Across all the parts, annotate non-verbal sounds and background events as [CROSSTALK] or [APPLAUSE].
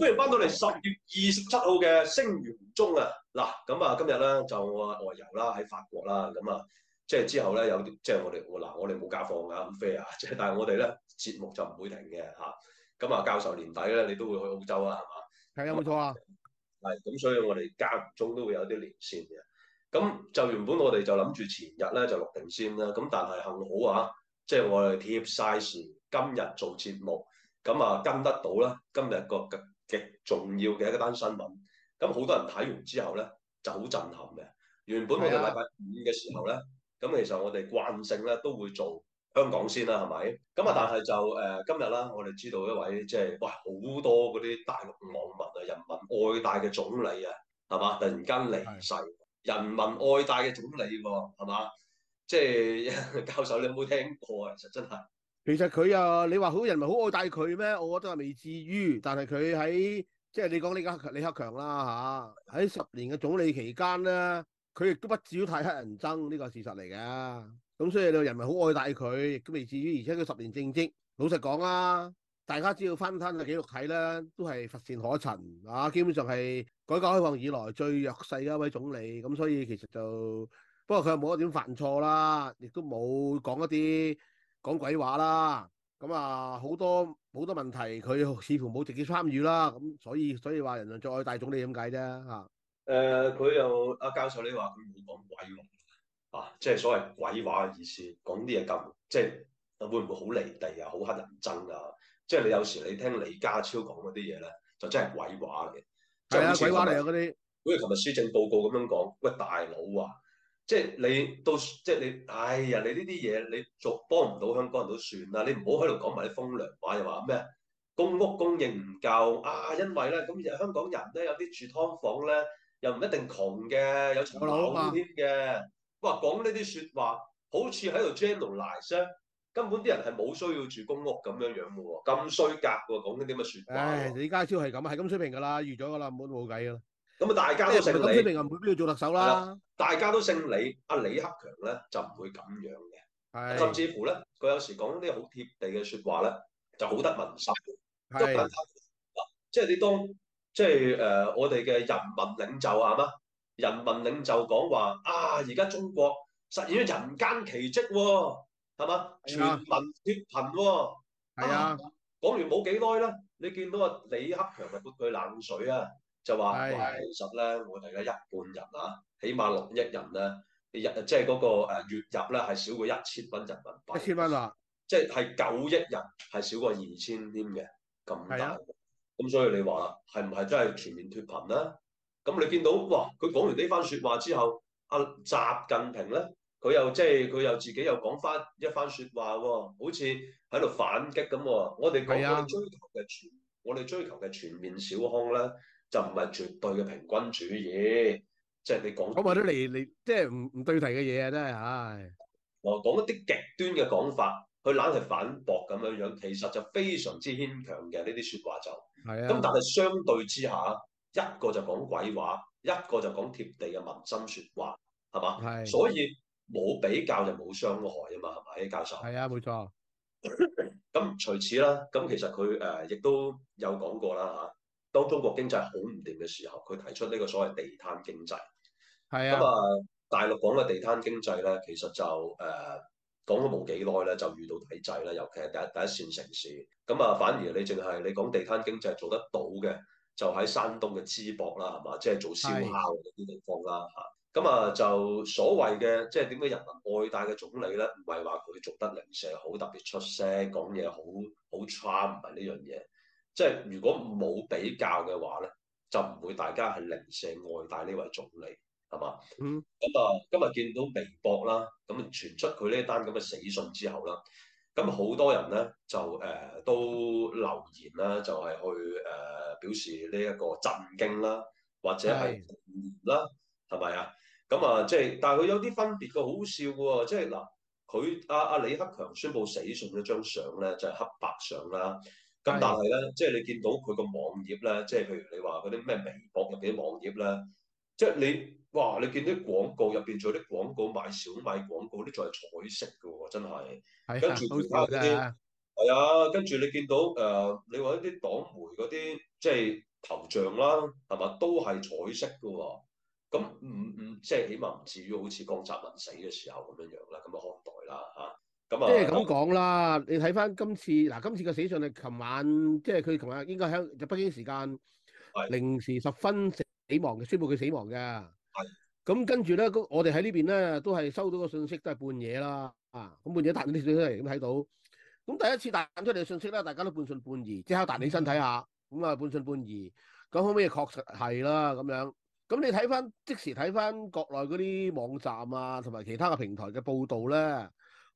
歡迎啊、不迎翻到嚟十月二十七號嘅《聲如洪鍾》啊！嗱咁啊，今日咧就我外遊啦，喺法國啦。咁啊，即係之後咧有啲，即係我哋嗱，我哋冇假放啊，咁飛啊！即係但係我哋咧節目就唔會停嘅嚇。咁啊，教授年底咧你都會去澳洲啊，係嘛？係有冇錯啊。係咁，所以我哋間中都會有啲連線嘅。咁、啊、就原本我哋就諗住前日咧就落定先啦。咁但係幸好啊，即係我哋貼曬時今日做節目，咁啊跟得到啦。今日個。個極重要嘅一個單新聞，咁好多人睇完之後咧就好震撼嘅。原本我哋禮拜五嘅時候咧，咁的其實我哋慣性咧都會做香港先啦，係咪？咁啊，但係就誒、呃、今日啦，我哋知道一位即係、就是、哇好多嗰啲大陸網民啊，人民愛戴嘅總理啊，係嘛？突然間離世，的人民愛戴嘅總理喎、啊，係嘛？即、就、係、是、教授，你有冇聽過、啊？其實真係。其實佢啊，你話好人民好愛戴佢咩？我覺得係未至於，但係佢喺即係你講李克李克強啦吓，喺十年嘅總理期間咧，佢亦都不至於太黑人憎呢個事實嚟噶。咁所以你話人民好愛戴佢，亦都未至於。而且佢十年政績，老實講啦，大家只要翻翻個記錄睇咧，都係乏善可陳啊。基本上係改革開放以來最弱勢嘅一位總理。咁所以其實就不過佢又冇乜點犯錯啦，亦都冇講一啲。講鬼話啦，咁啊好多好多問題佢似乎冇直接參與啦，咁、嗯、所以所以話人人再大總理咁解啫嚇。誒佢又阿教授你話佢冇講鬼喎，啊即係所謂鬼話嘅意思，講啲嘢咁即係會唔會好離地啊？好乞人憎啊！即係你有時你聽李家超講嗰啲嘢咧，就真係鬼話嚟嘅。係啊，就鬼話嚟嗰啲。好似琴日施政報告咁樣講，喂大佬啊！即係你到，即係你，哎呀！你呢啲嘢，你做幫唔到香港人都算啦。你唔好喺度講埋啲風涼話，又話咩？公屋供應唔夠啊，因為咧咁，而香港人咧有啲住劏房咧，又唔一定窮嘅，有層樓添嘅。哇，講呢啲説話，好似喺度 generalize，根本啲人係冇需要住公屋咁樣樣嘅喎，咁衰格嘅喎，講緊啲乜嘅説話。李、哎、家超係咁啊，係咁水平㗎啦，預咗㗎啦，冇冇計㗎啦。咁啊， [MUSIC] 大家都姓李，即係李明憲做特首啦。大家都姓李，阿李克強咧就唔會咁樣嘅。係的，甚至乎咧，佢有時講啲好貼地嘅説話咧，就好得民心。係的，即係、就是、你當，即係誒，我哋嘅人民領袖啊嘛，人民領袖講話啊，而家中國實現咗人間奇蹟喎、哦，係嘛，全民脫貧喎、哦。係的的啊，講完冇幾耐啦，你見到阿李克強咪潑佢冷水啊！就話是是 其實咧，我哋嘅一半人啊，起碼六一人咧，日即係嗰個月入咧係少過一千蚊人民幣，一千蚊是啊，即係係九一人係少過二千添嘅咁大，咁所以你話啦，係唔係真係全面脫貧咧？咁你見到哇，佢講完呢番説話之後，阿習近平咧，佢又即係佢又自己又講翻一番説話喎，好似喺度反擊咁喎。我哋講我哋追求嘅是、啊、全，我哋追求嘅全面小康咧。就唔係絕對嘅平均主義，即係你講咁或者你你即係唔唔對題嘅嘢啊！真係唉，我講一啲極端嘅講法，佢懶係反駁咁樣樣，其實就非常之牽強嘅呢啲説話就係啊。咁但係相對之下，一個就講鬼話，一個就講貼地嘅民心説話，係嘛？係，所以冇比較就冇傷害啊嘛，係咪，教授？係啊，冇錯。咁除 [LAUGHS] 此啦，咁其實佢誒亦都有講過啦嚇。啊。當中國經濟好唔掂嘅時候，佢提出呢個所謂地攤經濟，係啊咁啊大陸講嘅地攤經濟咧，其實就誒講咗冇幾耐咧，就遇到體制啦。尤其係第一第一線城市，咁啊反而你淨係你講地攤經濟做得到嘅，就喺山東嘅淄博啦，係嘛，即係做燒烤嗰啲地方啦嚇。咁啊是就所謂嘅即係點解人民愛戴嘅總理咧？唔係話佢做得零舍，好特別出聲講嘢，好好差，唔係呢樣嘢。即係如果冇比較嘅話咧，就唔會大家係零舍愛戴呢位總理係嘛？嗯。咁啊，今日見到微博啦，咁傳出佢呢單咁嘅死訊之後啦，咁好多人咧就誒、呃、都留言啦，就係、是、去誒、呃、表示呢一個震驚啦，或者係唔滿啦，係咪啊？咁啊，即係、就是、但係佢有啲分別嘅，好笑喎、哦！即係嗱，佢阿阿李克強宣布死訊嗰張相咧，就係、是、黑白相啦。咁但係咧，即係你見到佢個網頁咧，即係譬如你話嗰啲咩微博入邊啲網頁咧，即係你哇，你見啲廣告入邊做啲廣告買小米廣告啲仲係彩色嘅喎、哦，真係。係啊，好睇啲啊。係 [MUSIC] 啊，跟住你見到誒、呃，你話一啲黨媒嗰啲即係頭像啦，係咪都係彩色嘅喎、哦。咁唔唔，即係起碼唔至於好似江澤民死嘅時候咁樣樣啦，咁嘅年代啦嚇。啊、即係咁講啦，你睇翻今次嗱，今次嘅死訊係琴晚，即係佢琴日應該喺北京時間零時十分死亡嘅，的宣布佢死亡嘅。係咁的跟住咧，我哋喺呢邊咧都係收到個信息，都係半夜啦啊，咁半夜彈啲信息嚟咁睇到。咁第一次彈出嚟嘅信息咧，大家都半信半疑，即刻彈起身睇下，咁、嗯、啊半信半疑。咁後屘確實係啦咁樣。咁你睇翻即時睇翻國內嗰啲網站啊，同埋其他嘅平台嘅報道咧。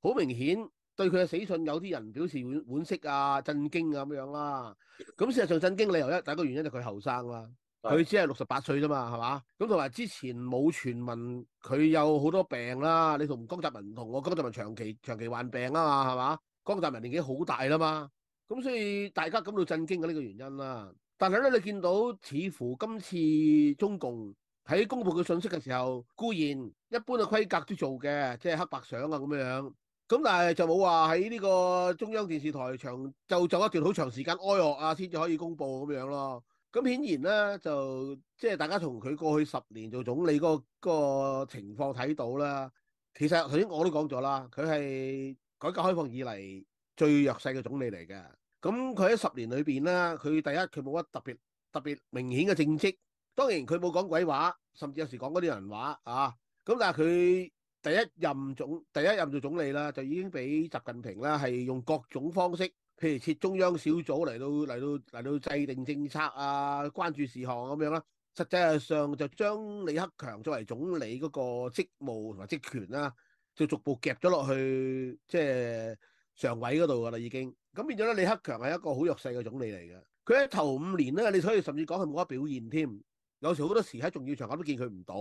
好明顯對佢嘅死訊，有啲人表示惋惋惜啊、震驚啊咁樣啦、啊。咁事實上震驚理由一，第一個原因就佢後生啦，佢只係六十八歲啫嘛，係的嘛？咁同埋之前冇傳聞佢有好多病啦、啊。你同江澤民唔同，我江澤民長期長期患病啊嘛，係嘛？江澤民年紀好大啦嘛，咁所以大家感到震驚嘅呢個原因啦、啊。但係咧，你見到似乎今次中共喺公佈佢信息嘅時候，固然一般嘅規格都做嘅，即係黑白相啊咁樣。咁但係就冇話喺呢個中央電視台長就就一段好長時間哀樂啊，先至可以公布咁樣咯。咁顯然咧，就即係大家從佢過去十年做總理嗰個情況睇到啦。其實頭先我都講咗啦，佢係改革開放以嚟最弱勢嘅總理嚟嘅。咁佢喺十年裏邊咧，佢第一佢冇乜特別特別明顯嘅政績。當然佢冇講鬼話，甚至有時講嗰啲人話啊。咁但係佢。第一任總第一任做總理啦，就已經俾習近平啦，係用各種方式，譬如設中央小組嚟到嚟到嚟到制定政策啊、關注事項咁樣啦。實際上就將李克強作為總理嗰個職務同埋職權啦，啊，就逐步夾咗落去即係常委嗰度㗎啦，已經。咁變咗咧，李克強係一個好弱勢嘅總理嚟嘅。佢喺頭五年咧，你可以甚至講佢冇乜表現添。有時好多時喺重要場合都見佢唔到，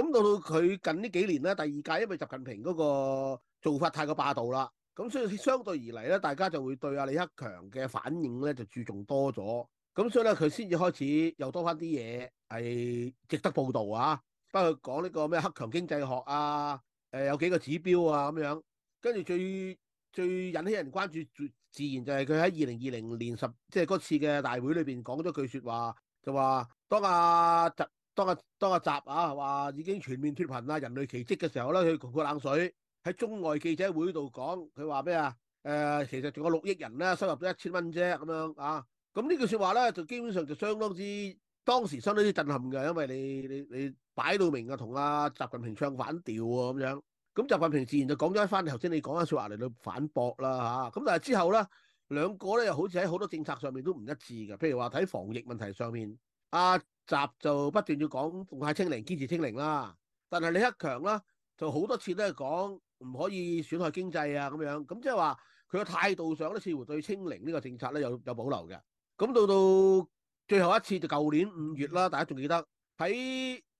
咁到到佢近呢幾年咧，第二屆因為習近平嗰個做法太過霸道啦，咁所以相對而嚟咧，大家就會對阿李克強嘅反應咧就注重多咗，咁所以咧佢先至開始又多翻啲嘢係值得報導啊！包括講呢個咩克強經濟學啊，誒有幾個指標啊咁樣，跟住最最引起人關注，自然就係佢喺二零二零年十即係嗰次嘅大會裏邊講咗句説話。就話當阿、啊、習當阿、啊、當阿、啊、習啊，話已經全面脫貧啦，人類奇蹟嘅時候咧，佢潑個冷水喺中外記者會度講，佢話咩啊？誒、呃，其實仲有六億人咧，收入咗一千蚊啫咁樣啊！咁、啊啊、呢句説話咧，就基本上就相當之當時相當之震撼嘅，因為你你你擺到明啊，同阿習近平唱反調喎咁樣。咁、啊、習近平自然就講咗一翻頭先你講嘅説話嚟到反駁啦嚇。咁、啊啊、但係之後咧。兩個咧又好似喺好多政策上面都唔一致嘅，譬如話睇防疫問題上面，阿習就不斷要講動態清零、堅持清零啦，但係李克強啦就好多次都係講唔可以損害經濟啊咁樣，咁即係話佢嘅態度上咧，似乎對清零呢個政策咧有有保留嘅。咁到到最後一次就舊年五月啦，大家仲記得喺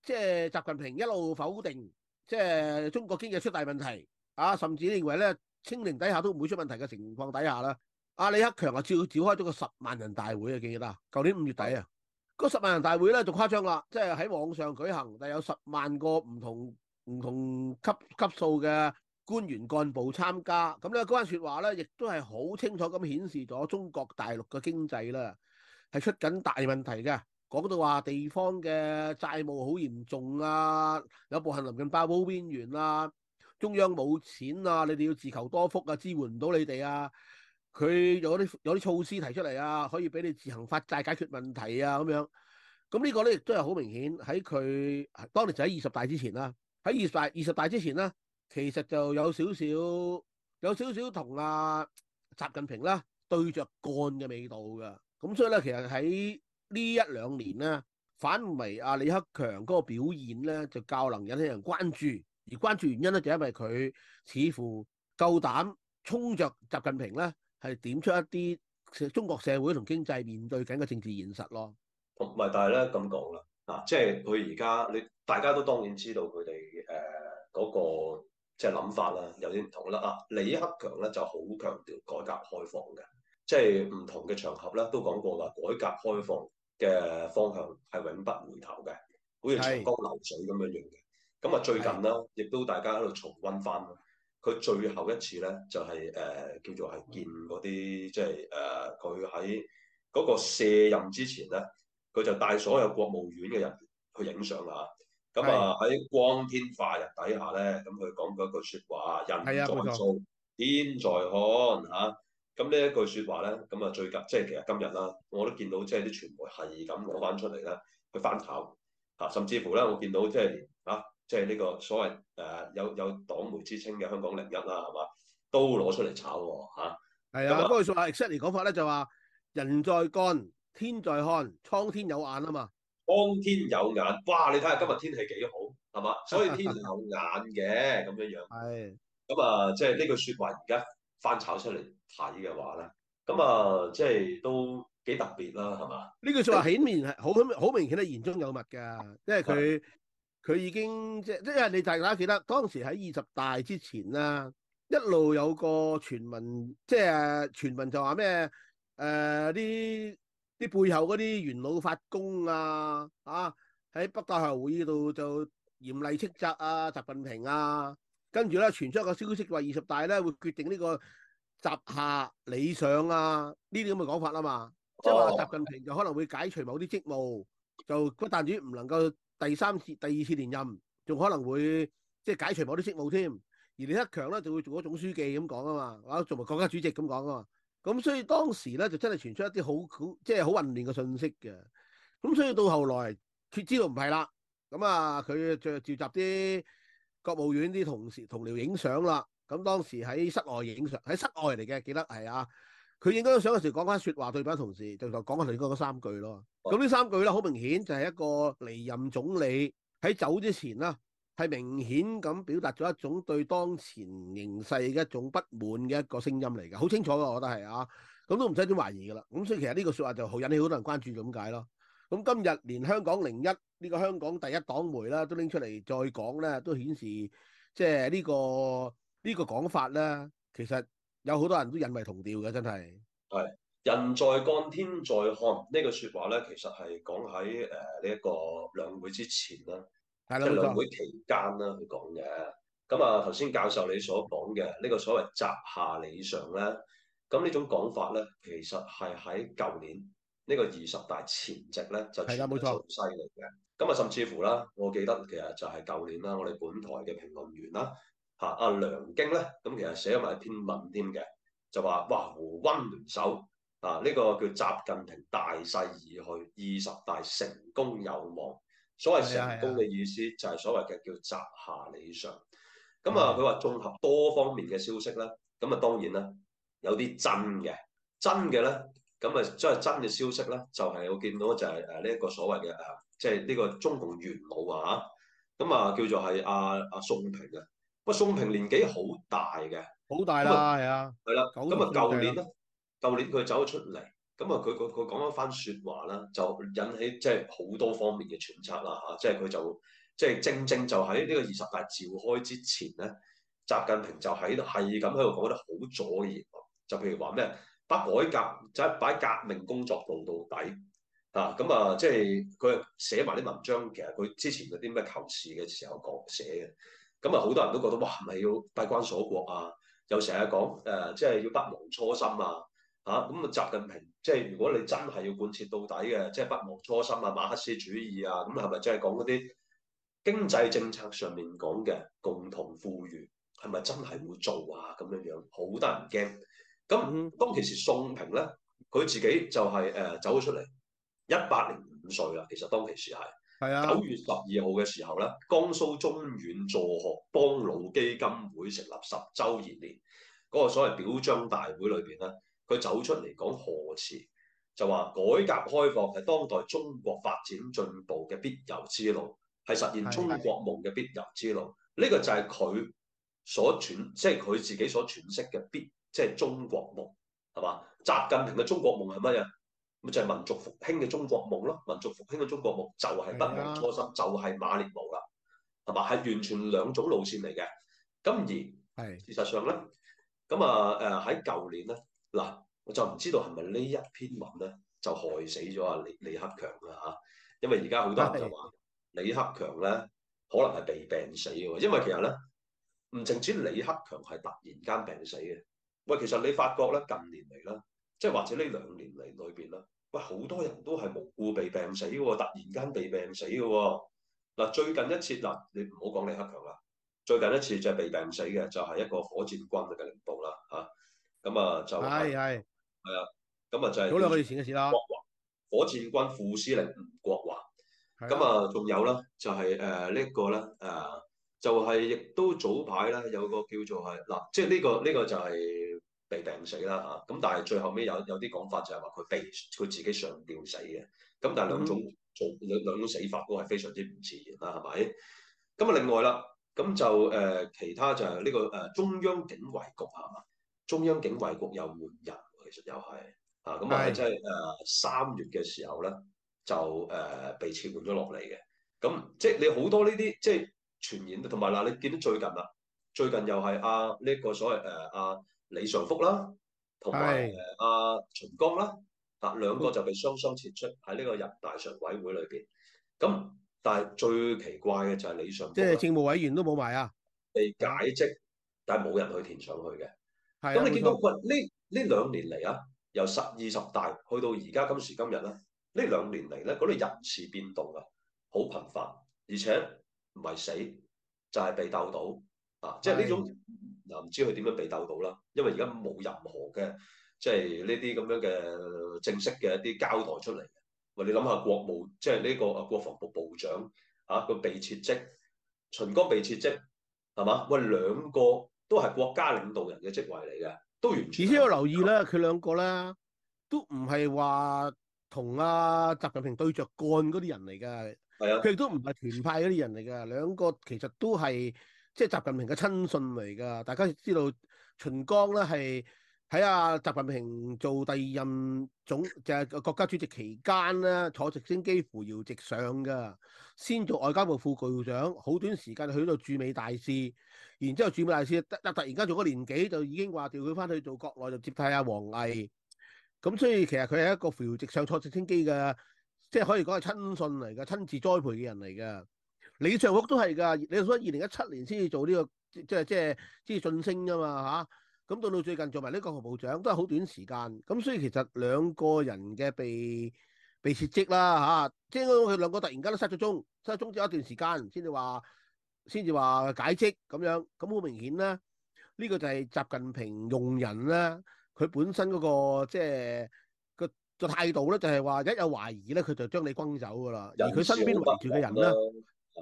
即係習近平一路否定，即係中國經濟出大問題啊，甚至認為咧清零底下都唔會出問題嘅情況底下啦。阿李克強啊，召召開咗個十萬人大會啊，記得啊，舊年五月底啊，嗰十萬人大會咧，仲誇張啦，即係喺網上舉行，但有十萬個唔同唔同級級數嘅官員幹部參加。咁咧嗰番說話咧，亦都係好清楚咁顯示咗中國大陸嘅經濟啦，係出緊大問題嘅。講到話地方嘅債務好嚴重啊，有部分臨近爆煲邊緣啊，中央冇錢啊，你哋要自求多福啊，支援唔到你哋啊。佢有啲有啲措施提出嚟啊，可以俾你自行發債解決問題啊，咁樣咁呢個咧亦都係好明顯喺佢當年就喺二十大之前啦、啊，喺二十大二十大之前啦、啊，其實就有少少有少少同啊習近平啦對着幹嘅味道㗎，咁所以咧其實喺呢一兩年咧，反為阿李克強嗰個表現咧就較能引起人關注，而關注原因咧就因為佢似乎夠膽衝着習近平咧。係點出一啲中國社會同經濟面對緊嘅政治現實咯？唔係，但係咧咁講啦，啊，即係佢而家你大家都當然知道佢哋誒嗰個即係諗法啦，有啲唔同啦。啊，李克強咧就好強調改革開放嘅，即係唔同嘅場合咧都講過話改革開放嘅方向係永不回頭嘅，好似長江流水咁樣樣嘅。咁啊是，最近咧，是亦都大家喺度重温翻，佢最後一次咧就係、是、誒、呃、叫做係見嗰啲即係誒佢喺嗰個卸任之前咧，佢就帶所有國務院嘅人去影相啦。咁啊喺的、啊、光天化日底下咧，咁佢講嗰句説話：人在做，在數的天在看嚇。咁、啊、呢一句説話咧，咁啊最近即係其實今日啦，我都見到即係啲傳媒係咁攞翻出嚟啦，去翻炒嚇、啊，甚至乎咧我見到即係。即係呢個所謂誒、呃、有有黨媒之稱嘅香港零一啦，係嘛？都攞出嚟炒喎嚇。係啊，嗰句説話，exactly 講法咧就話人在幹，天在看，蒼天有眼啊嘛。蒼天有眼，哇！你睇下今日天，天氣幾好，係嘛？所以天有眼嘅咁樣樣。係。咁啊，即係呢句説話而家翻炒出嚟睇嘅話咧，咁、那、啊、個，即係都幾特別啦，係嘛？呢句説話顯然係好好明顯，得為言中有物㗎，因為佢。佢已經即即係你大家記得當時喺二十大之前啦，一路有個傳聞，即係傳聞就話咩？誒啲啲背後嗰啲元老發功啊，嚇、啊、喺北大學會度就嚴厲斥責啊，習近平啊，跟住咧傳出一個消息話二十大咧會決定呢個習下李上啊呢啲咁嘅講法啊嘛，即係話習近平就可能會解除某啲職務，就但不但止唔能夠。第三次、第二次連任，仲可能會即係解除某啲職務添。而李克強咧就會做咗總書記咁講啊嘛，或者做埋國家主席咁講啊嘛。咁所以當時咧就真係傳出一啲好好即係好混亂嘅信息嘅。咁所以到後來佢知道唔係啦。咁啊，佢就召集啲國務院啲同事同僚影相啦。咁當時喺室外影相，喺室外嚟嘅，記得係啊。佢應該想有時講翻説話對比同事，就講翻頭先嗰三句咯。咁呢三句咧，好明顯就係一個離任總理喺走之前啦，係明顯咁表達咗一種對當前形勢嘅一種不滿嘅一個聲音嚟嘅，好清楚㗎，我覺得係啊。咁都唔使點懷疑㗎啦。咁所以其實呢個説話就好引起好多人關注咁解咯。咁今日連香港零一呢個香港第一黨媒啦，都拎出嚟再講咧，都顯示即係、這個這個、呢個呢個講法啦，其實。有好多人都引為同調嘅，真係。係人在幹天在看呢句説話咧，其實係講喺誒呢一個兩會之前啦，即係兩會期間啦，佢講嘅。咁啊頭先教授你所講嘅呢個所謂習下李上咧，咁呢種講法咧，其實係喺舊年呢個二十大前夕咧就做得好犀利嘅。咁啊甚至乎啦，我記得其實就係舊年啦，我哋本台嘅評論員啦。嚇！阿、啊、梁京咧，咁其實寫咗埋一篇文添嘅，就話哇，胡溫聯手啊，呢、這個叫習近平大勢而去，二十大成功有望。所謂成功嘅意思就係所謂嘅叫習下李上。咁的啊，佢話綜合多方面嘅消息啦，咁啊當然啦，有啲真嘅，真嘅咧，咁啊即係真嘅消息咧，就係、是、我見到就係誒呢一個所謂嘅誒，即係呢個中共元老啊，咁啊叫做係阿阿宋平啊。不過宋平年紀好大嘅，好大啦，係啊，係啦。咁啊，舊年啦，舊年佢走咗出嚟，咁啊，佢佢佢講一番説話啦，就引起即係好多方面嘅揣測啦嚇。即係佢就即係正正就喺呢個二十大召開之前咧，習近平就喺度係咁喺度講得好左嘅就譬如話咩，把改革就把革命工作做到底嚇。咁啊，即係佢寫埋啲文章，其實佢之前嗰啲咩求是嘅時候講寫嘅。咁啊！好多人都覺得哇，係咪要閉關鎖國啊，又成日講誒，即係要不忘初心啊嚇咁啊、嗯！習近平即係如果你真係要貫徹到底嘅，即、就、係、是、不忘初心啊，馬克思主義啊，咁係咪真係講嗰啲經濟政策上面講嘅共同富裕係咪真係會做啊？咁樣樣好得人驚。咁當其時宋平咧，佢自己就係、是、誒、呃、走咗出嚟一百零五歲啦。其實當其時係。九月十二號嘅時候咧，江蘇中院助學幫老基金會成立十週年年，嗰、那個所謂表彰大會裏邊咧，佢走出嚟講賀詞，就話改革開放係當代中國發展進步嘅必由之路，係實現中國夢嘅必由之路。呢是個就係佢所詮，即係佢自己所詮釋嘅必，即、就、係、是、中國夢，係嘛？習近平嘅中國夢係乜嘢？咁就係民族復興嘅中國夢咯，民族復興嘅中國夢就係不忘初心，啊、就係馬列毛啦，係嘛？係完全兩種路線嚟嘅。咁而的事實上咧，咁啊誒喺舊年咧嗱，我就唔知道係咪呢一篇文咧就害死咗啊李李克強啦嚇、啊，因為而家好多人就話李克強咧可能係被病死嘅，因為其實咧唔淨止李克強係突然間病死嘅。喂，其實你發覺咧近年嚟啦～即係或者呢兩年嚟裏邊啦，喂好多人都係無故被病死喎，突然間被病死嘅喎。嗱最近一次嗱，你唔好講李克強啦，最近一次就係被病死嘅，就係一個火箭軍嘅領導啦吓，咁啊就係係係啊，咁、嗯、啊就係好兩個月前嘅事啦。國華火箭軍副司令吳國華。咁啊仲有啦、就係呃呢個呃，就係誒呢個咧誒，就係、係、亦都早排咧有個叫做係嗱、呃，即係、呢、呢個呢、呢個就係、係。被病死啦嚇，咁但係最後尾有有啲講法就係話佢被佢自己上吊死嘅。咁但係兩種做兩、嗯、兩種死法都係非常之唔自然啦，係咪？咁啊，另外啦，咁就誒、呃、其他就係呢、這個誒、呃、中央警衛局係嘛？中央警衛局又換人，其實又係嚇，咁啊，即係誒三月嘅時候咧就誒、呃、被撤換咗落嚟嘅。咁即係你好多呢啲即係傳染，同埋嗱你見到最近啦，最近又係啊呢個所謂誒啊。啊啊李尚福啦、啊，同埋阿秦剛啦、啊，嚇兩個就被雙雙撤出喺呢個人大常委會裏邊。咁但係最奇怪嘅就係李尚福即係政務委員都冇埋啊，被解職，但係冇人去填上去嘅。係咁的，你見到唔？呢呢的兩年嚟啊，由十二十大去到而家今時今日咧，呢兩年嚟咧嗰啲人事變動啊，好頻繁，而且唔係死就係、是、被鬥到啊，即係呢種。又唔知佢點樣被鬥到啦，因為而家冇任何嘅即係呢啲咁樣嘅正式嘅一啲交代出嚟。喂，你諗下國務，即係呢個啊國防部部長嚇，佢被撤職，秦剛被撤職，係嘛？喂，兩個都係國家領導人嘅職位嚟嘅，都完全。而且要留意啦，佢兩個咧都唔係話同阿習近平對着幹嗰啲人嚟嘅，係啊，佢哋都唔係團派嗰啲人嚟嘅。兩個其實都係。即係習近平嘅親信嚟㗎，大家知道秦剛咧係喺阿習近平做第二任總就係、是、國家主席期間咧，坐直升機扶搖直上㗎。先做外交部副局長，好短時間去到駐美大使，然之後駐美大使突突然間做咗年幾，就已經話調佢翻去做國內就接替阿王毅。咁所以其實佢係一個扶搖直上坐直升機嘅，即係可以講係親信嚟㗎，親自栽培嘅人嚟㗎。李尚福都係㗎，李尚福二零一七年先至做呢個即係即係即係晉升㗎嘛嚇。咁到到最近做埋呢個國防部長都係好短時間。咁所以其實兩個人嘅被被撤職啦嚇，即係佢兩個突然間都失咗蹤，失咗蹤之後一段時間先至話先至話解職咁樣。咁好明顯啦，呢個就係習近平用人啦，佢本身嗰個即係個個態度咧，就係話一有懷疑咧，佢就將你轟走㗎啦。而佢身邊圍住嘅人咧。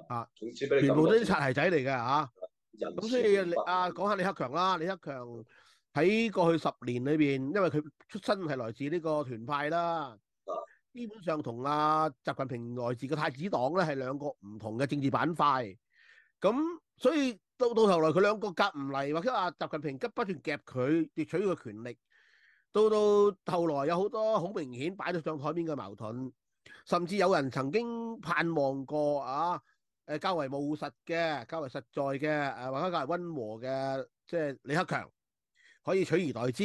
啊！全部都啲擦鞋仔嚟嘅吓，咁所以李講下李克強啦。李克強喺過去十年裏邊，因為佢出身係來自呢個團派啦，啊、基本上同阿習近平來自嘅太子黨咧係兩個唔同嘅政治板塊。咁所以到到頭來佢兩個夾唔嚟，或者阿習近平急不斷夾佢奪取佢嘅權力，到到後來有好多好明顯擺到上台面嘅矛盾，甚至有人曾經盼望過啊。誒，較為務實嘅，較為實在嘅，誒，或者較為溫和嘅，即係李克強可以取而代之，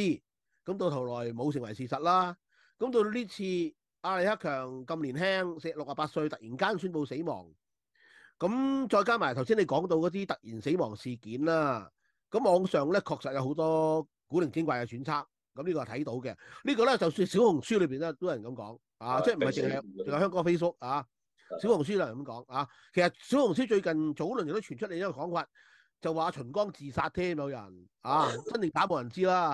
咁到頭來冇成為事實啦。咁到呢次，阿李克強咁年輕，成六十八歲，突然間宣布死亡，咁再加埋頭先你講到嗰啲突然死亡事件啦，咁網上咧確實有好多古靈精怪嘅揣測，咁、這、呢個係睇到嘅，呢、這個咧就算小紅書裏邊咧都有人咁講，啊的，即係唔係淨係淨係香港 Facebook 啊。小紅書就係咁講啊，其實小紅書最近早輪亦都傳出嚟一個講法，就話秦剛自殺添，有人啊，真定假冇人知啦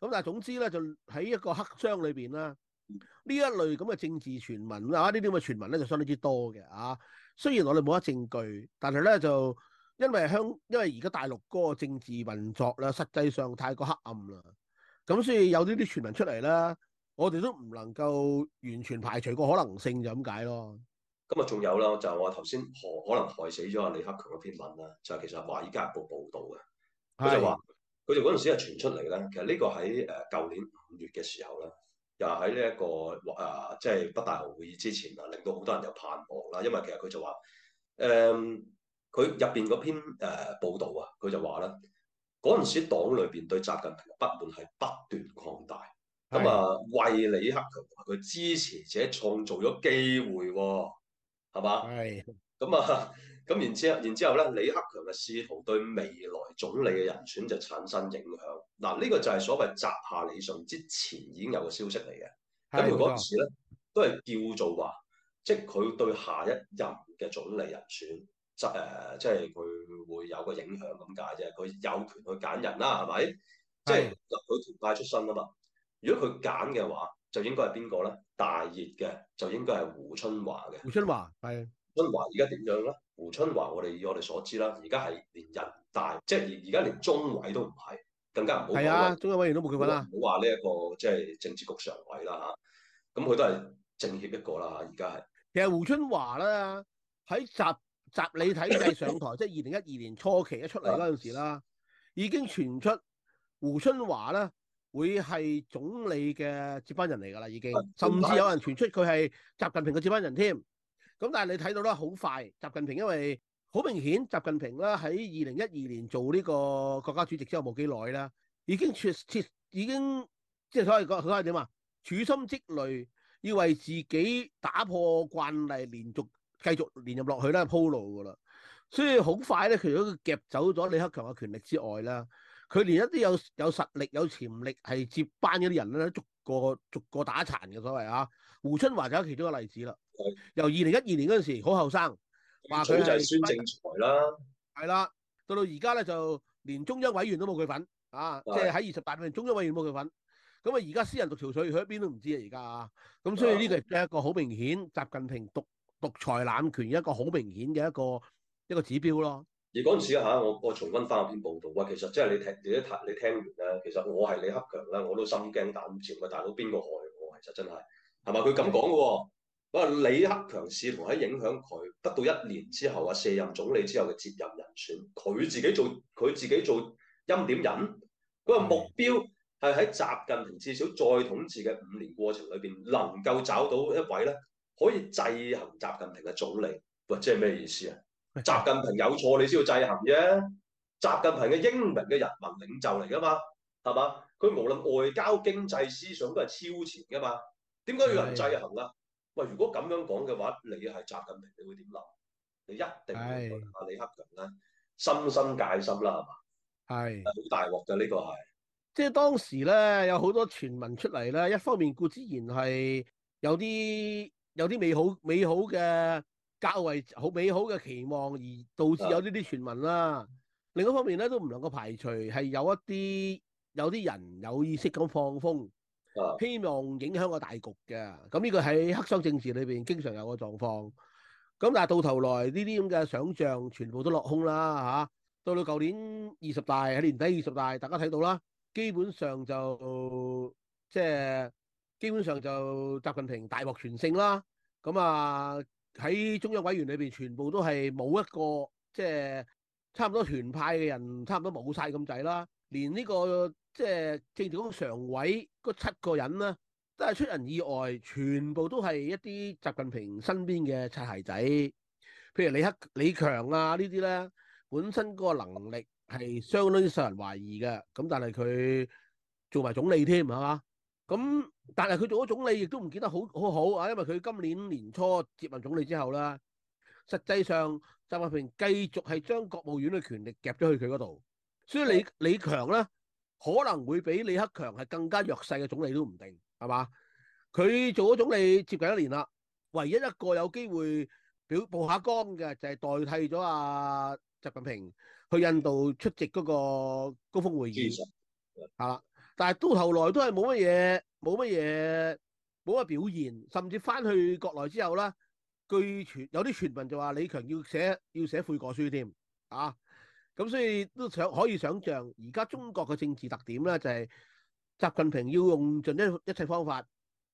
吓。咁、啊、但係總之咧，就喺一個黑箱裏邊啦，呢一類咁嘅政治傳聞啊，呢啲咁嘅傳聞咧就相當之多嘅啊。雖然我哋冇乜證據，但係咧就因為香因為而家大陸嗰個政治運作咧，實際上太過黑暗啦，咁所以有傳聞呢啲傳聞出嚟啦，我哋都唔能夠完全排除個可能性，就咁、是、解咯。咁啊，仲有啦，就係話頭先何可能害死咗阿李克強嗰篇文啦。就係、是、其實華爾街報報道嘅，佢的就話佢就嗰陣時係傳出嚟咧。其實呢個喺誒舊年五月嘅時候咧，又喺呢一個誒即係北大學會議之前啊，令到好多人就盼望啦。因為其實佢就話誒佢入邊嗰篇誒、呃、報道啊，佢就話咧嗰陣時黨裏邊對習近平嘅不滿係不斷擴大，咁啊的為李克強佢支持者創造咗機會、哦。係嘛？係咁啊，咁的、嗯、然之後，然之後咧，李克強嘅師徒對未來總理嘅人選就產生影響。嗱、呃，呢、這個就係所謂習下李上之前已經有個消息嚟嘅。咁佢嗰陣時咧，都係叫做話，即係佢對下一任嘅總理人選，呃、即係即係佢會有個影響咁解啫。佢有權去揀人啦，係咪？的即係佢團派出身啊嘛。如果佢揀嘅話，就應該係邊個咧？大熱嘅就應該係胡春華嘅。胡春華係。春華而家點樣咧？胡春華，我哋以我哋所知啦，而家係連人大，即係而家連中委都唔係，更加唔好講。係啊，中央委員都冇叫佢啦，唔好話呢一個即係、就是、政治局常委啦嚇。咁佢、啊、都係政協一個啦嚇，而家係。其實胡春華咧喺習習李體制上台，即係二零一二年初期一出嚟嗰陣時啦，是已經傳出胡春華咧。會係總理嘅接班人嚟噶啦，已經，甚至有人傳出佢係習近平嘅接班人添。咁但係你睇到啦，好快，習近平因為好明顯，習近平啦喺二零一二年做呢個國家主席之後冇幾耐啦，已經已經即係所謂個所謂點啊，處心積慮要為自己打破慣例，連續繼續連任落去咧鋪路噶啦。所以好快咧，除咗佢夾走咗李克強嘅權力之外啦。佢連一啲有有實力有潛力係接班嗰啲人咧，逐個逐個打殘嘅所謂啊，胡春華就有其中一個例子啦。的由二零一二年嗰陣時好後生，話佢就係孫政才啦，係啦，到到而家咧就連中央委員都冇佢份啊，即係喺二十大中央委員冇佢份。咁啊，而家私人獨條水，佢喺邊都唔知啊，而家啊，咁所以呢個係一個好明顯，習近平獨獨裁攬權一個好明顯嘅一個一個指標咯。而嗰陣時我我重温翻嗰篇報道啊，其實即係你聽，你都睇，你聽完咧，其實我係李克強咧，我都心驚膽顫嘅，大佬邊個害我？其實真係係咪？佢咁講嘅喎，嗰個李克強試圖喺影響佢得到一年之後啊卸任總理之後嘅接任人選，佢自己做佢自己做欽點人。嗰、那個目標係喺習近平至少再統治嘅五年過程裏邊，能夠找到一位咧可以制衡習近平嘅總理。喂，即係咩意思啊？習近平有錯，你先要制衡啫。習近平嘅英明嘅人民領袖嚟噶嘛，係嘛？佢無論外交、經濟、思想都係超前噶嘛。點解要人制衡啊？喂，是的 如果咁樣講嘅話，你係習近平，你會點諗？你一定係阿是的 李克強啦，心心戒心啦，係嘛？係是的。好大鑊㗎呢個係。即係當時咧，有好多傳聞出嚟咧。一方面固之然係有啲有啲美好美好嘅。較為好美好嘅期望而導致有呢啲傳聞啦、啊。另一方面咧，都唔能夠排除係有一啲有啲人有意識咁放風，希望影響個大局嘅。咁呢個喺黑箱政治裏邊經常有個狀況。咁但係到頭來呢啲咁嘅想像全部都落空啦吓、啊，到到舊年二十大喺年底二十大，大家睇到啦，基本上就即係、就是、基本上就習近平大獲全勝啦。咁啊～喺中央委員裏邊，全部都係冇一個，即係差唔多團派嘅人差，差唔多冇晒咁滯啦。連呢、這個即係政治局常委嗰七個人啦，都係出人意外，全部都係一啲習近平身邊嘅擦鞋仔，譬如李克、李強啊呢啲咧，本身嗰個能力係相當於受人懷疑嘅，咁但係佢做埋總理添，係嘛？咁但係佢做咗總理，亦都唔見得好好好啊！因為佢今年年初接任總理之後啦，實際上習近平繼續係將國務院嘅權力夾咗去佢嗰度，所以李李強咧可能會比李克強係更加弱勢嘅總理都唔定，係嘛？佢做咗總理接近一年啦，唯一一個有機會表曝下光嘅就係代替咗阿習近平去印度出席嗰個高峰會議，係啦。但係到頭來都係冇乜嘢，冇乜嘢，冇乜表現，甚至翻去國內之後啦，據傳有啲傳聞就話李強要寫要寫悔過書添，啊，咁所以都想可以想象，而家中國嘅政治特點咧就係、是、習近平要用盡一一切方法，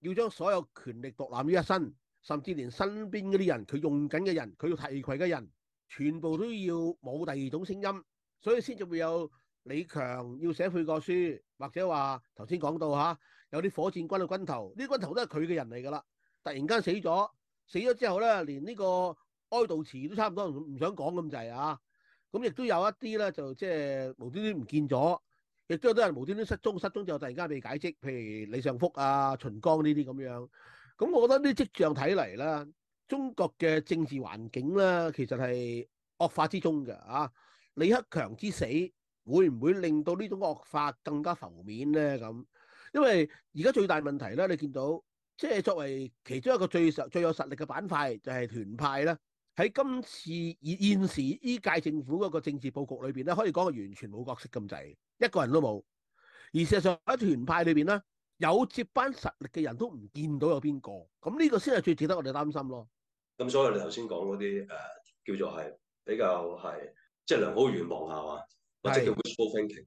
要將所有權力獨攬於一身，甚至連身邊嗰啲人，佢用緊嘅人，佢要提携嘅人，全部都要冇第二種聲音，所以先至會有。李強要寫悔過書，或者話頭先講到吓、啊，有啲火箭軍嘅軍頭，呢啲軍頭都係佢嘅人嚟噶啦。突然間死咗，死咗之後咧，連呢個哀悼詞都差唔多唔想講咁滯啊。咁、啊、亦都有一啲咧，就即係無端端唔見咗，亦都有啲人無端端失蹤，失蹤之後突然間被解職，譬如李尚福啊、秦剛呢啲咁樣。咁、啊嗯、我覺得跡呢啲跡象睇嚟啦，中國嘅政治環境啦，其實係惡化之中嘅啊。李克強之死。會唔會令到呢種惡化更加浮面咧？咁，因為而家最大問題咧，你見到即係作為其中一個最實、最有實力嘅板塊，就係、是、團派啦。喺今次現現時呢屆政府嗰個政治布局裏邊咧，可以講係完全冇角色咁滯，一個人都冇。而事實上喺團派裏邊咧，有接班實力嘅人都唔見到有邊個。咁呢個先係最值得我哋擔心咯。咁所以你頭先講嗰啲誒，叫做係比較係即係良好願望吓嘛？或者叫 wishful thinking，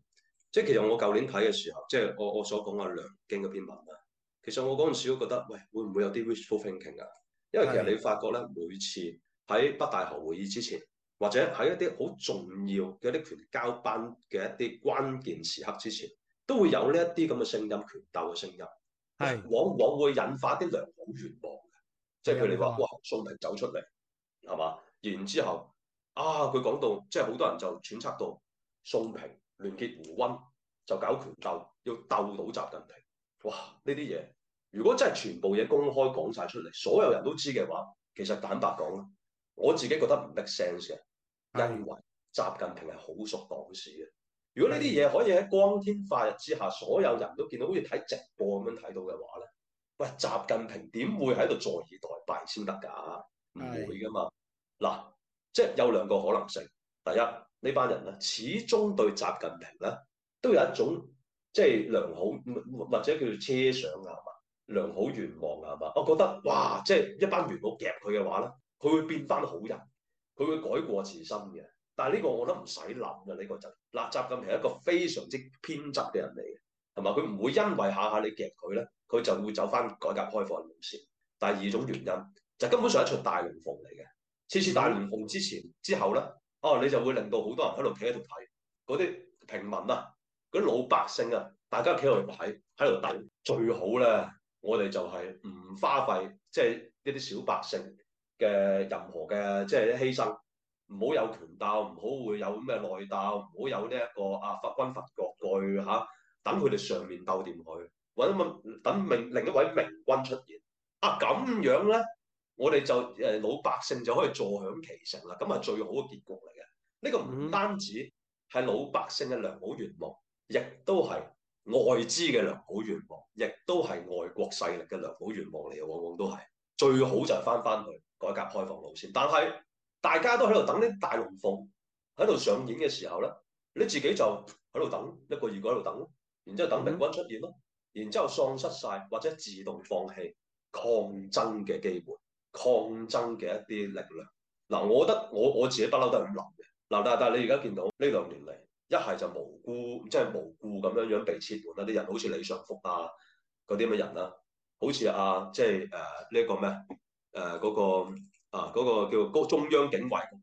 即係其實我舊年睇嘅時候，即係我我所講嘅梁京嗰篇文啦。其實我嗰陣時都覺得，喂，會唔會有啲 wishful thinking 啊？因為其實你發覺咧，每次喺北戴河會議之前，或者喺一啲好重要嘅一啲權力交班嘅一啲關鍵時刻之前，都會有呢一啲咁嘅聲音，權鬥嘅聲音，係往往會引發啲良好願望嘅，即係佢哋話哇，宋平走出嚟，係嘛？然之後啊，佢講到，即係好多人就揣測到。宋平聯結胡溫就搞拳鬥，要鬥到習近平。哇！呢啲嘢如果真係全部嘢公開講晒出嚟，所有人都知嘅話，其實坦白講啦。我自己覺得唔 make sense 嘅，因為習近平係好熟黨史嘅。如果呢啲嘢可以喺光天化日之下，所有人都見到，好似睇直播咁樣睇到嘅話咧，喂，習近平點會喺度坐以待斃先得㗎？唔會㗎嘛。嗱的、啊，即係有兩個可能性，第一。呢班人咧，始終對習近平咧都有一種即係良好，或者叫做奢想係嘛，良好願望係嘛。我覺得哇，即係一班元老夾佢嘅話咧，佢會變翻好人，佢會改過自新嘅。但係呢個我覺得唔使諗嘅呢個就嗱，習近平係一個非常之偏執嘅人嚟嘅，係嘛？佢唔會因為下下你夾佢咧，佢就會走翻改革開放嘅路線。第二種原因就係，根本上一場大龍鳳嚟嘅，次次大龍鳳之前之後咧。哦，oh, 你就會令到好多人喺度企喺度睇，嗰啲平民啊，嗰啲老百姓啊，大家企喺度睇，喺度等最好咧。我哋就係唔花費，即係一啲小百姓嘅任何嘅即係犧牲，唔好有權鬥，唔好會有咩內鬥，唔好有呢、這、一個啊，發軍閥割據吓、啊，等佢哋上面鬥掂佢，揾一等明另一位明君出現啊，咁樣咧，我哋就誒老百姓就可以坐享其成啦，咁啊最好嘅結局嚟。呢個唔單止係老百姓嘅良好願望，亦都係外資嘅良好願望，亦都係外國勢力嘅良好願望嚟嘅。往往都係最好就係翻返去改革開放路線。但係大家都喺度等啲大龍鳳喺度上演嘅時候咧，你自己就喺度等一個二個喺度等，然之後等明君出現咯，嗯、然之後喪失晒，或者自動放棄抗爭嘅機會、抗爭嘅一啲力量。嗱、啊，我覺得我我自己不嬲都係咁諗。嗱，但但你而家見到呢兩年嚟，一係就無辜，即係無辜咁樣樣被撤換啦。啲人好似李尚福啊，嗰啲咁嘅人啦、啊，好似啊，即係誒呢一個咩誒嗰個啊嗰個叫高中央警衛局。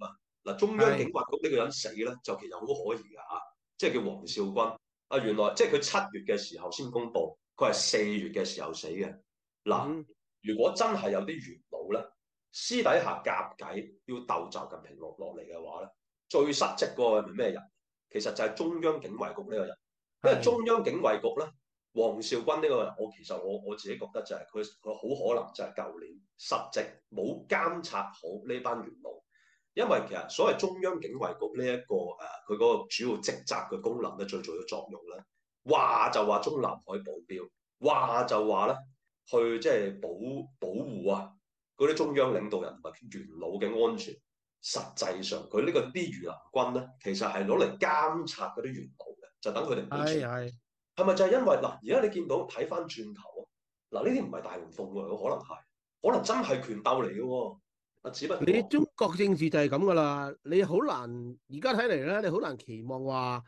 嗱，中央警衛局呢個人死咧，就其實好可疑㗎嚇、啊，即係叫黃少軍啊。原來即係佢七月嘅時候先公布，佢係四月嘅時候死嘅。嗱、啊，如果真係有啲元老咧，私底下夾計要鬥習近平落落嚟嘅話咧，最失職個係咩人？其實就係中央警衛局呢個人，因為中央警衛局咧，王少軍呢個人，我其實我我自己覺得就係佢，佢好可能就係舊年失職，冇監察好呢班元老。因為其實所謂中央警衛局呢、這、一個誒，佢嗰個主要職責嘅功能咧，最重要作用咧，話就話中南海保鏢，話就話咧，去即係保保護啊嗰啲中央領導人同埋元老嘅安全。實際上佢呢個啲羽林軍咧，其實係攞嚟監察嗰啲元老嘅，就等佢哋俾錢。係咪就係因為嗱？而家你見到睇翻轉頭，嗱呢啲唔係大龍鳳喎，可能係，可能真係拳鬥嚟嘅喎。啊，只不你中國政治就係咁噶啦，你好難而家睇嚟咧，你好難期望話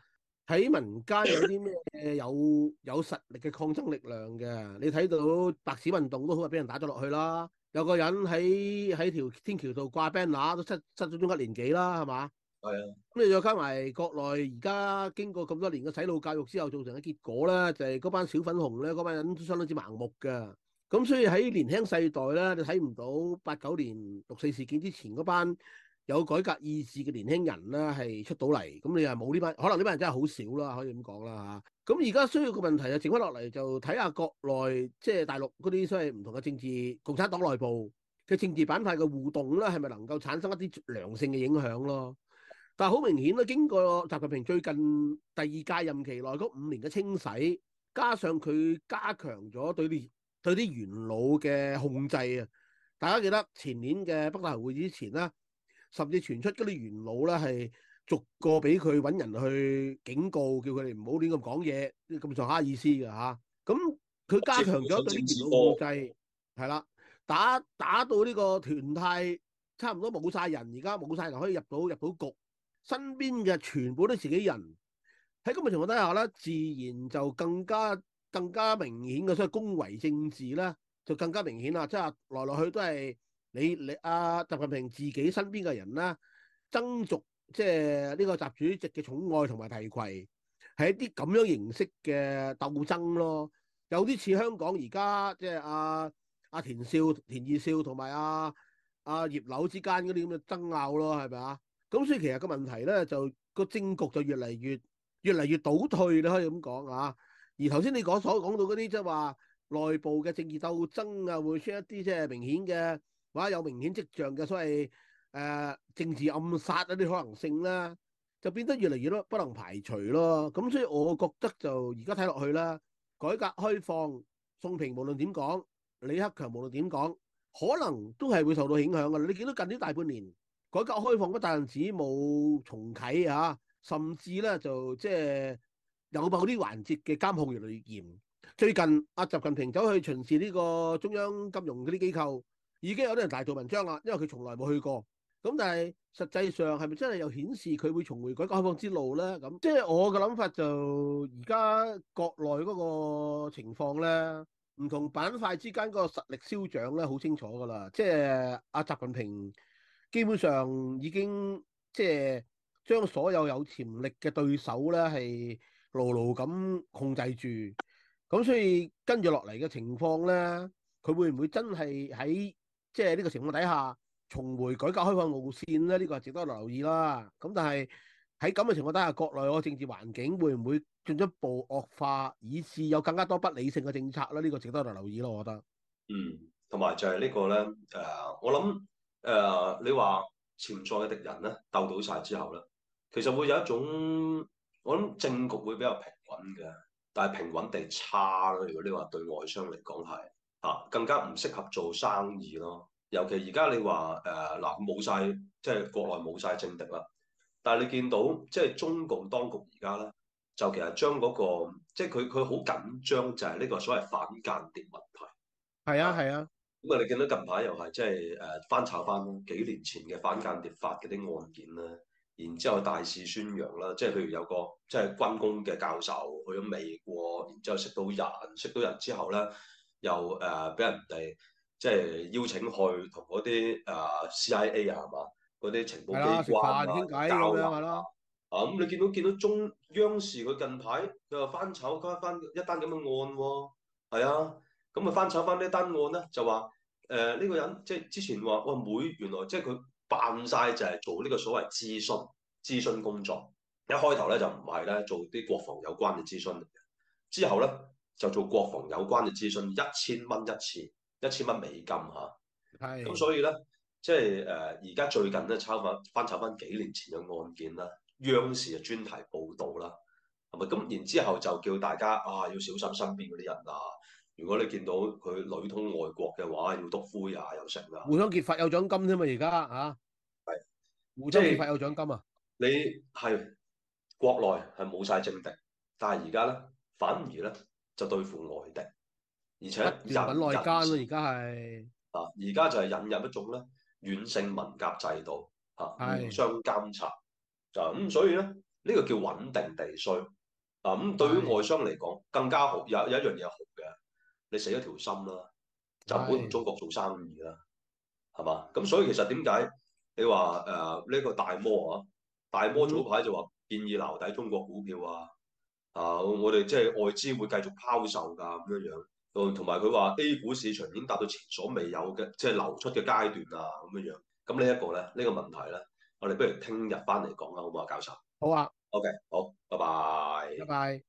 喺民間有啲咩有 [LAUGHS] 有實力嘅抗爭力量嘅。你睇到白紙運動都好啊，俾人打咗落去啦。有個人喺喺條天橋度掛 banner 都失失咗咗一年幾啦，係嘛？係啊的，咁你再加埋國內而家經過咁多年嘅洗腦教育之後造成嘅結果咧，就係、是、嗰班小粉紅咧，嗰班人都相當之盲目嘅。咁所以喺年輕世代咧，你睇唔到八九年六四事件之前嗰班。有改革意志嘅年輕人啦，係出到嚟咁，你又冇呢班，可能呢班人真係好少啦，可以咁講啦嚇。咁而家需要嘅問題剩就剩翻落嚟，就睇下國內即係大陸嗰啲所謂唔同嘅政治，共產黨內部嘅政治板塊嘅互動啦，係咪能夠產生一啲良性嘅影響咯？但係好明顯啦，經過習近平最近第二屆任期內嗰五年嘅清洗，加上佢加強咗對啲對啲元老嘅控制啊，大家記得前年嘅北大會之前啦。甚至傳出嗰啲元老咧係逐個俾佢揾人去警告，叫佢哋唔好亂咁講嘢，咁上下意思嘅嚇。咁、啊、佢加強咗對啲元老嘅控制，係啦，打打到呢個團體差唔多冇晒人，而家冇晒人可以入到入到局，身邊嘅全部都自己人。喺咁嘅情況底下咧，自然就更加更加明顯嘅，所謂恭維政治咧就更加明顯啦。即、就、係、是、來來去都係。你你、啊、阿習近平自己身邊嘅人啦，爭逐即係呢個習主席嘅寵愛同埋提攜，係一啲咁樣形式嘅鬥爭咯。有啲似香港而家即係阿阿田少、田二少同埋阿阿葉劉之間嗰啲咁嘅爭拗咯，係咪啊？咁所以其實個問題咧，就個政局就越嚟越越嚟越倒退，你可以咁講啊。而頭先你講所講到嗰啲即係話內部嘅政治鬥爭啊，會出一啲即係明顯嘅。話有明顯跡象嘅，所謂誒政治暗殺嗰啲可能性啦，就變得越嚟越多，不能排除咯。咁所以我覺得就而家睇落去啦，改革開放，宋平無論點講，李克強無論點講，可能都係會受到影響㗎。你見到近呢大半年，改革開放不但止冇重啟呀，甚至咧就即係有某啲環節嘅監控越來越嚴。最近阿習近平走去巡視呢個中央金融嗰啲機構。已經有啲人大做文章啦，因為佢從來冇去過。咁但係實際上係咪真係有顯示佢會重回改革開放之路咧？咁即係我嘅諗法就而家國內嗰個情況咧，唔同板塊之間嗰個實力消長咧，好清楚㗎啦。即係阿習近平基本上已經即係將所有有潛力嘅對手咧係牢牢咁控制住。咁所以跟住落嚟嘅情況咧，佢會唔會真係喺？即係呢個情況底下，重回改革開放路線咧，呢、這個係值得留意啦。咁但係喺咁嘅情況底下，國內個政治環境會唔會進一步惡化，以致有更加多不理性嘅政策咧？呢、這個值得留意咯，我覺得。嗯，同埋就係呢個咧，誒、呃，我諗誒、呃，你話潛在嘅敵人咧，鬥到晒之後咧，其實會有一種我諗政局會比較平穩嘅，但係平穩地差啦。如果你話對外商嚟講係。啊，更加唔適合做生意咯，尤其而家你話誒嗱冇晒，即係國內冇晒政敵啦。但係你見到即係中共當局而家咧，就其實將嗰個即係佢佢好緊張就係呢個所謂反間諜問題。係啊係啊。咁啊，你見到近排又係即係誒翻炒翻幾年前嘅反間諜法嗰啲案件啦，然之後大肆宣揚啦，即係譬如有個即係軍工嘅教授去咗美國，然之後識到人，識到人之後咧。又誒俾、呃、人哋即係邀請去同嗰啲誒 CIA 啊，係嘛，嗰啲情報機關啊，點解咁咪咯。啊咁你見到見到中央視佢近排佢又翻炒翻翻一單咁嘅案喎，係啊。咁啊翻炒翻呢一單案咧就話誒呢個人即係之前話哇，妹原來即係佢扮晒就係做呢個所謂諮詢諮詢工作，一開頭咧就唔係咧做啲國防有關嘅諮詢，之後咧。就做國防有關嘅資訊，一千蚊一次，一千蚊美金嚇。係、啊、咁，是的 所以咧，即係誒，而、呃、家最近咧，抄翻翻查翻幾年前嘅案件啦，央視嘅專題報道啦，係咪咁？然之後就叫大家啊，要小心身邊嗰啲人啊。如果你見到佢裡通外國嘅話，要篤灰啊，又成啦。互相揭發有獎金啫嘛，而家嚇係互相揭發有獎金啊！啊就是、你係國內係冇晒政敵，但係而家咧反而咧。就對付外敵，而且日引引入而家係啊，而家就係引入一種咧軟性文革制度嚇，啊、是互相監察就咁、嗯，所以咧呢、這個叫穩定地稅啊。咁、嗯、對於外商嚟講是更加好，有有，有一樣嘢好嘅，你死咗條心啦，就唔好同中國做生意啦，係嘛是？咁所以其實點解你話誒呢個大摩啊，大摩早排就話建議撈底中國股票啊？啊！我哋即係外資會繼續拋售㗎，咁樣樣。同埋佢話 A 股市場已經達到前所未有嘅即係流出嘅階段啊，咁樣樣。咁呢一個咧，呢、呢個問題咧，我哋不如聽日翻嚟講啦，好冇啊，教授？好啊。OK，好，拜拜。拜拜。